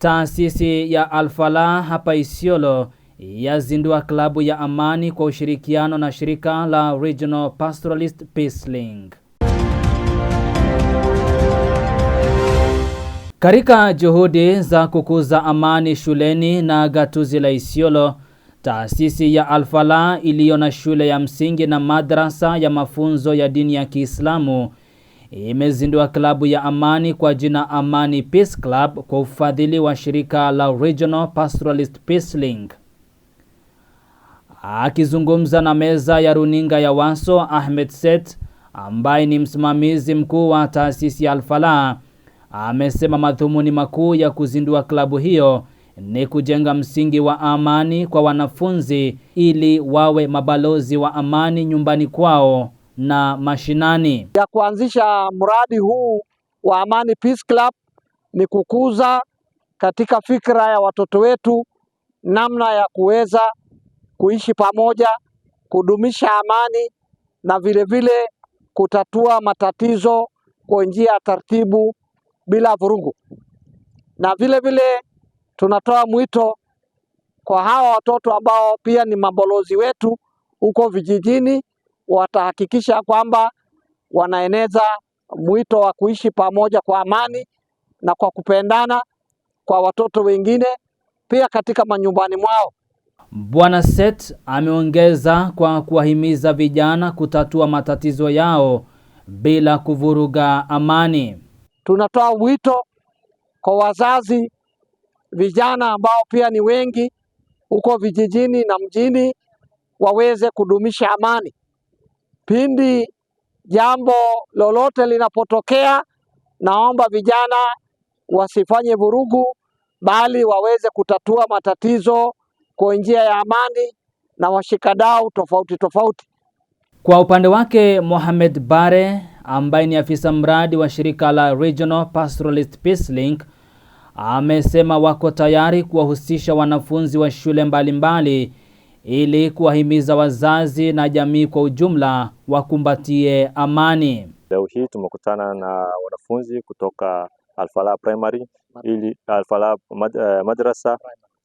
Taasisi ya alfala hapa Isiolo yazindua klabu ya amani kwa ushirikiano na shirika la Regional Pastoralist Peace Link. Katika juhudi za kukuza amani shuleni na gatuzi la Isiolo, taasisi ya alfala iliyo na shule ya msingi na madrasa ya mafunzo ya dini ya Kiislamu imezindua klabu ya Amani kwa jina Amani Peace Club kwa ufadhili wa shirika la Regional Pastoralist Peace Link. Akizungumza na meza ya runinga ya Waso, Ahmed Set ambaye ni msimamizi mkuu wa taasisi ya al amesema madhumuni makuu ya kuzindua klabu hiyo ni kujenga msingi wa amani kwa wanafunzi ili wawe mabalozi wa amani nyumbani kwao na mashinani. Ya kuanzisha mradi huu wa Amani Peace Club ni kukuza katika fikra ya watoto wetu namna ya kuweza kuishi pamoja, kudumisha amani na vilevile vile kutatua matatizo kwa njia ya taratibu bila vurugu. Na vile vile tunatoa mwito kwa hawa watoto ambao pia ni mabalozi wetu huko vijijini watahakikisha kwamba wanaeneza mwito wa kuishi pamoja kwa amani na kwa kupendana kwa watoto wengine pia katika manyumbani mwao. Bwana Seth ameongeza kwa kuwahimiza vijana kutatua matatizo yao bila kuvuruga amani. Tunatoa wito kwa wazazi vijana ambao pia ni wengi huko vijijini na mjini waweze kudumisha amani. Pindi jambo lolote linapotokea, naomba vijana wasifanye vurugu, bali waweze kutatua matatizo kwa njia ya amani na washikadau tofauti tofauti. Kwa upande wake Mohamed Bare ambaye ni afisa mradi wa shirika la Regional Pastoralist Peace Link amesema wako tayari kuwahusisha wanafunzi wa shule mbalimbali mbali ili kuwahimiza wazazi na jamii kwa ujumla wakumbatie amani. Leo hii tumekutana na wanafunzi kutoka Alfala Primary ili Alfala mad, uh, Madrasa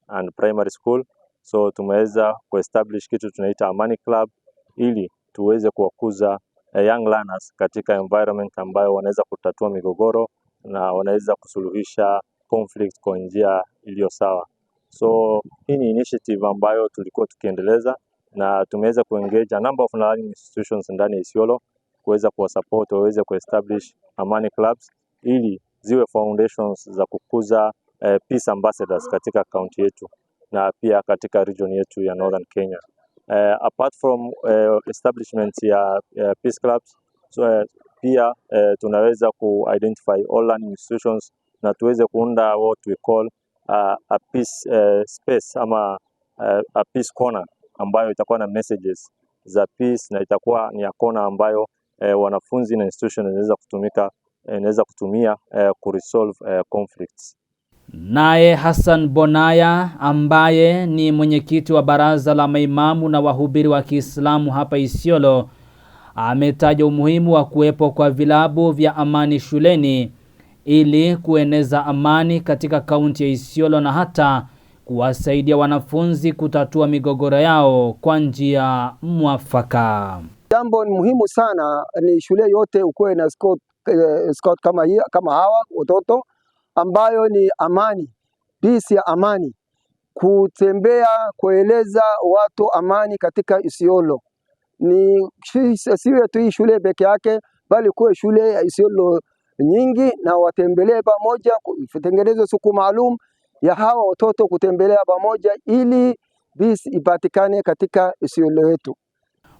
and Primary School, so tumeweza kuestablish kitu tunaita Amani Club ili tuweze kuwakuza eh, young learners katika environment ambayo wanaweza kutatua migogoro na wanaweza kusuluhisha conflict kwa njia iliyo sawa. So hii ni initiative ambayo tulikuwa tukiendeleza na tumeweza kuengage a number of learning institutions ndani ya Isiolo kuweza kuwasupport waweze kuestablish amani clubs ili ziwe foundations za kukuza eh, peace ambassadors katika kaunti yetu na pia katika region yetu ya Northern Kenya. Uh, apart from uh, establishment ya uh, peace clubs so, uh, pia uh, tunaweza ku identify all learning institutions na tuweze kuunda what we call uh, a peace, uh, space ama uh, a peace corner ambayo itakuwa na messages za peace na itakuwa ni ya kona ambayo eh, wanafunzi na institution inaweza kutumika e, inaweza kutumia eh, kuresolve eh, conflicts. Naye Hassan Bonaya ambaye ni mwenyekiti wa baraza la maimamu na wahubiri wa Kiislamu hapa Isiolo ametaja umuhimu wa kuwepo kwa vilabu vya amani shuleni ili kueneza amani katika kaunti ya Isiolo na hata kuwasaidia wanafunzi kutatua migogoro yao kwa njia mwafaka. Jambo ni muhimu sana, ni shule yote ukuwe na scout, eh, scout kama, hii, kama hawa watoto ambayo ni amani, peace ya amani, kutembea kueleza watu amani katika Isiolo. Ni siwe tu hii shule peke yake, bali kuwe shule ya Isiolo nyingi na watembelee pamoja, kutengenezwe siku maalum ya hawa watoto kutembelea pamoja ili bisi ipatikane katika isiolo yetu.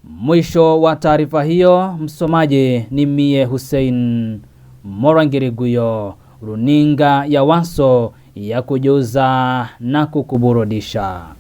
Mwisho wa taarifa hiyo, msomaji ni mie Hussein Morangiriguyo, runinga ya Waso ya kujuza na kukuburudisha.